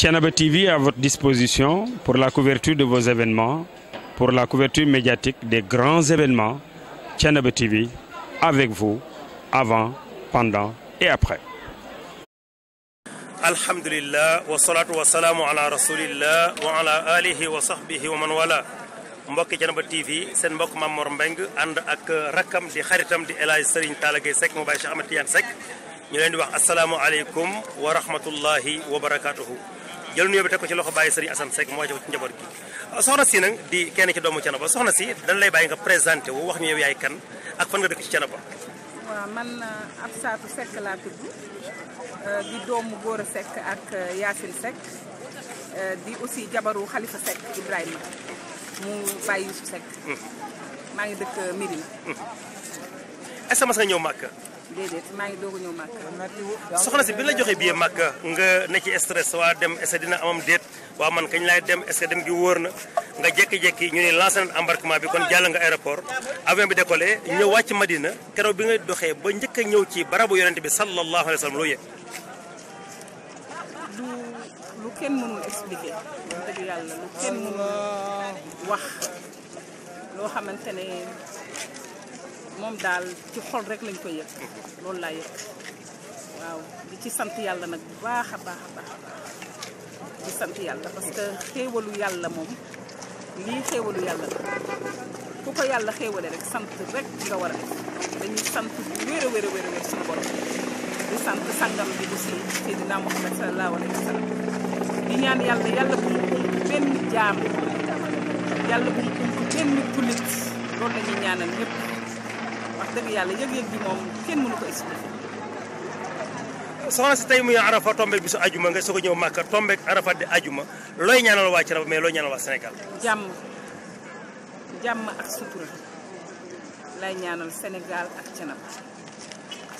Thiénaba TV à votre disposition pour la couverture de vos événements, pour la couverture médiatique des grands événements. Thiénaba TV avec vous avant, pendant et après. alhamdulillah wasalaatu wasalaamu ala rasulillah wa ala alihi wa sahbihi wa man wala mbokki Thiénaba TV seen mbokk Mame Mor Mbengue ak rakkam di xaritam di El Hadj Serigne Talla Gueye Seck mu bàyyi di wax asalaamualeykum wa rahmatullahi wa barakatuhu jël nuyoo bi teg ko ci loxo bàyyi Serigne Assane Seck moo ci njaboot gi soxna si nag di kenn ci doomu Thiénaba soxna si dañ lay bàyyi nga présenté wu wax ñu yow yaay kan ak fan nga dëkk ci Thiénaba. waaw man euh, Absatou Seck laa tudd euh, di doomu Gora Seck ak euh, Yacine Seck di aussi jabaru Khalifa Seck Ibrahima mu bàyyi Youssou Seck. Mm-hmm. maa ngi dëkk Médina. Mm-hmm. est-ce que mas nga ñëw Màkka. déedéet a ñëw soxna si bi la joxe billet Màkka nga ne ci stress waa dem est-ce que dina amam déet waa man kañ laay dem est dem gi wóor na nga jékki-jékki ñu ne lancé nañ embarquement bi kon jàll nga aéroport avion bi décollé ñëw wàcc Madina keroog bi nga doxee ba njëkk ñëw ci barabu yonent bi sallallahu alayhi wa sallam loo yëg. lu kenn wax loo xamante moom daal ci xol rek lañ koy yëg loolu laa yëg waaw di ci sant yàlla nag bu baax a baax a baax di sant yàlla parce que xéewalu yàlla moom lii xéewalu yàlla la ku ko yàlla xéewale rek sant rek nga war a dañuy sant bu wér a wér a wér a wér suñu borom di sant sangam Muhammad sallallahu alayhi wa sallam di ñaan yàlla yàlla bu mu ump jaam yàlla bu mu ump benn jullit loolu ñaanal ñëpp wax dëgg yàlla yëg bi moom kenn mënu ko expliqué. soxna si tey muy Arafa tombe bi nga soog a ñëw Màkka tombe Arafa di ajuma looy ñaanal waa Thiénaba mais looy ñaanal waa Sénégal. jàmm jàmm ak sutura lay ñaanal Sénégal ak Thiénaba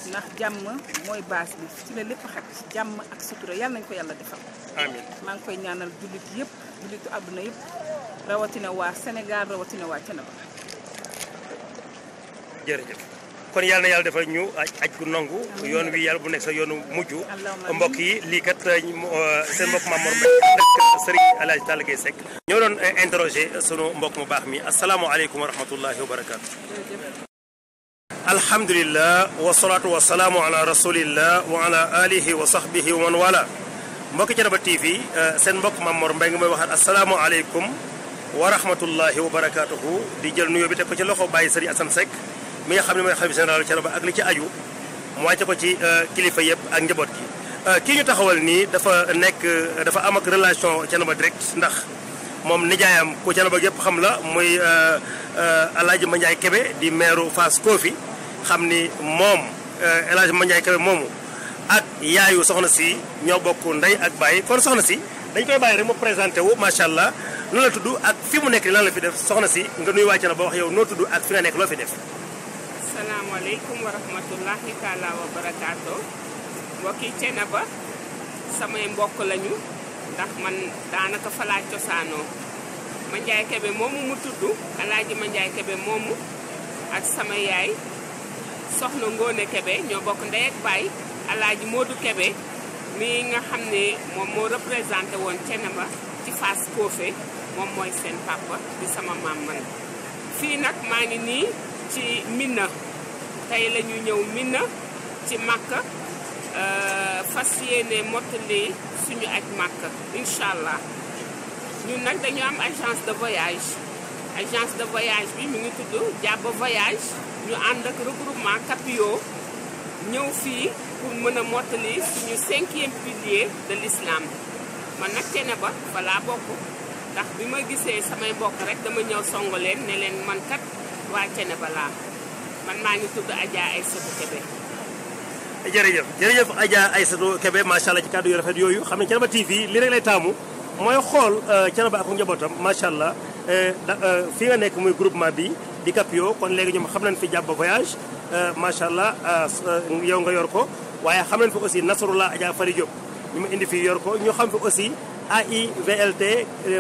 ndax jàmm mooy base bi ci la lépp xaj jàmm ak sutura yàlla nañ ko yàlla defal. amiin maa ngi koy ñaanal jullit yëpp jullitu àdduna yëpp rawatina waa Sénégal rawatina waa Thiénaba. jërëjëf kon yàlla na yàlla defal ñu aj gu nangu yoon wi yàlla bu nekk sa yoonu mujj mbokk yi lii kat euh, euh, seen mbokk Mamour Mbaye sëriñ El Hadj Talla Gueye Seck ñoo doon euh, interroger sunu baax mi asalaamaaleykum wa rahmatullahi wa barakaatu alhamdulilah wasalaatu wasalaamu ala rasulillah wa ala alihi wa sahbihi wa man wala mbokki Thiénaba TV seen mbokk Mamour Mbaye nga may waxaat asalaamaaleykum wa di jël nuyoo bi te ko ci loxo bàyyi sëriñ asan Seck mi nga xam ne mooy xalifa général Thiénaba ak li ci aju mu wàcce ko ci euh, kilifa yëpp ak njaboot gi. Euh, kii ñu taxawal nii dafa nekk dafa am ak relation Thiénaba direct ndax moom nijaayam ku Thiénaba yëpp xam la muy euh, El Hadj Mandiaye Kébé di meeru Fass Kofi xam ni moom El Hadj Mandiaye Kébé moomu. ak yaayu soxna si ñoo bokk ndey ak bàyyi kon soxna si dañ koy bàyyi rek mu présenté wu macha allah lu la tudd ak fi mu nekk lan la fi def soxna si nga nuy wàcc na ba wax yow noo tudd ak fi nga nekk loo fi def. asalaamaaleykum wa rahmatullahi taala wa barakaatu mbokki Thiénaba samay mbokk lañu ndax man daanaka fa laa cosaanoo Mandiaye Kébé moomu mu tudd Alaaji Mandiaye Kébé moomu ak sama yaay soxna Ngóone Kébé ñoo bokk ndey ak baay Alaaji Modou mi nga xam ne moom moo représenté woon Thiénaba ci Fass Kofé moom mooy seen papa di sama maam man fii nag maa ngi nii ci Mina tey la ñu ñëw Mina ci Màkka euh, fas yéene mottali suñu ak Màkka incha allah ñun nag dañu am agence de voyage agence de voyage bi mi ngi tudd Jàbba voyage ñu ànd ak regroupement Capio ñëw fii pour mën a mottali suñu cinquième pilier de l'islam man nag Thiénaba ba laa bokk ndax bi ma gisee samay mbokk rek dama ñëw songo leen ne leen man kat waa Thiénaba laa man maa ngi tudd Adja Aïssatou Kébé. jërëjëf jërëjëf Adja Aïssatou Kébé macha allah ci kàddu yu rafet yooyu xam ne Thiénaba TV li rek lay taamu mooy xool euh, Thiénaba ak njabootam macha allah euh, euh, fi nga nekk muy groupement bi di Capio kon léegi ñoom xam nañ fi jàpp voyage macha allah yow nga yor ko waaye xam nañ fi aussi Nasrullah Adja Fari Diop ñu ma indi fi yorko ñu xam fi aussi AIVLT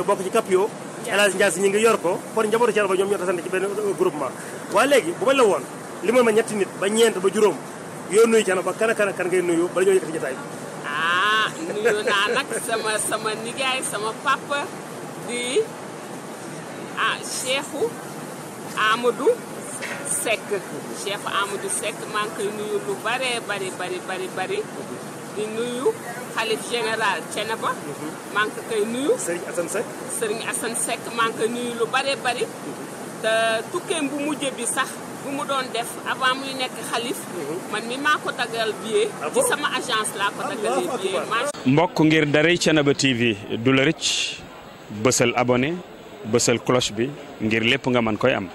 bokk ci Capio. El Hadj Ndiaye si ñu ngi yor ko kon njabootu Thiénaba ñoom ñoo tasante ci benn groupement. waa léegi bu ma la woon. limal ma ñetti nit ba ñeent ba juróom yoo nuyu Thiénaba kan kan ngay nuyu bala ñoo yëkkati jotaay bi. ah nuyu naa nag sama sama nijaay sama papa di ah Cheikhou Amadou Seck Cheikh Amadou Seck maa ngi koy nuyu lu bare bari bari bari bari. tukkeem bu mujj bi sax bu mu doon def avant muy nekk xalif man mi maa ko tagal billet ah ci sama agence laa ko tagalee billet mbokk ngir daray Thiénaba TV du la rëcc bësal abonné bësal cloche bi ngir lépp nga mën koy am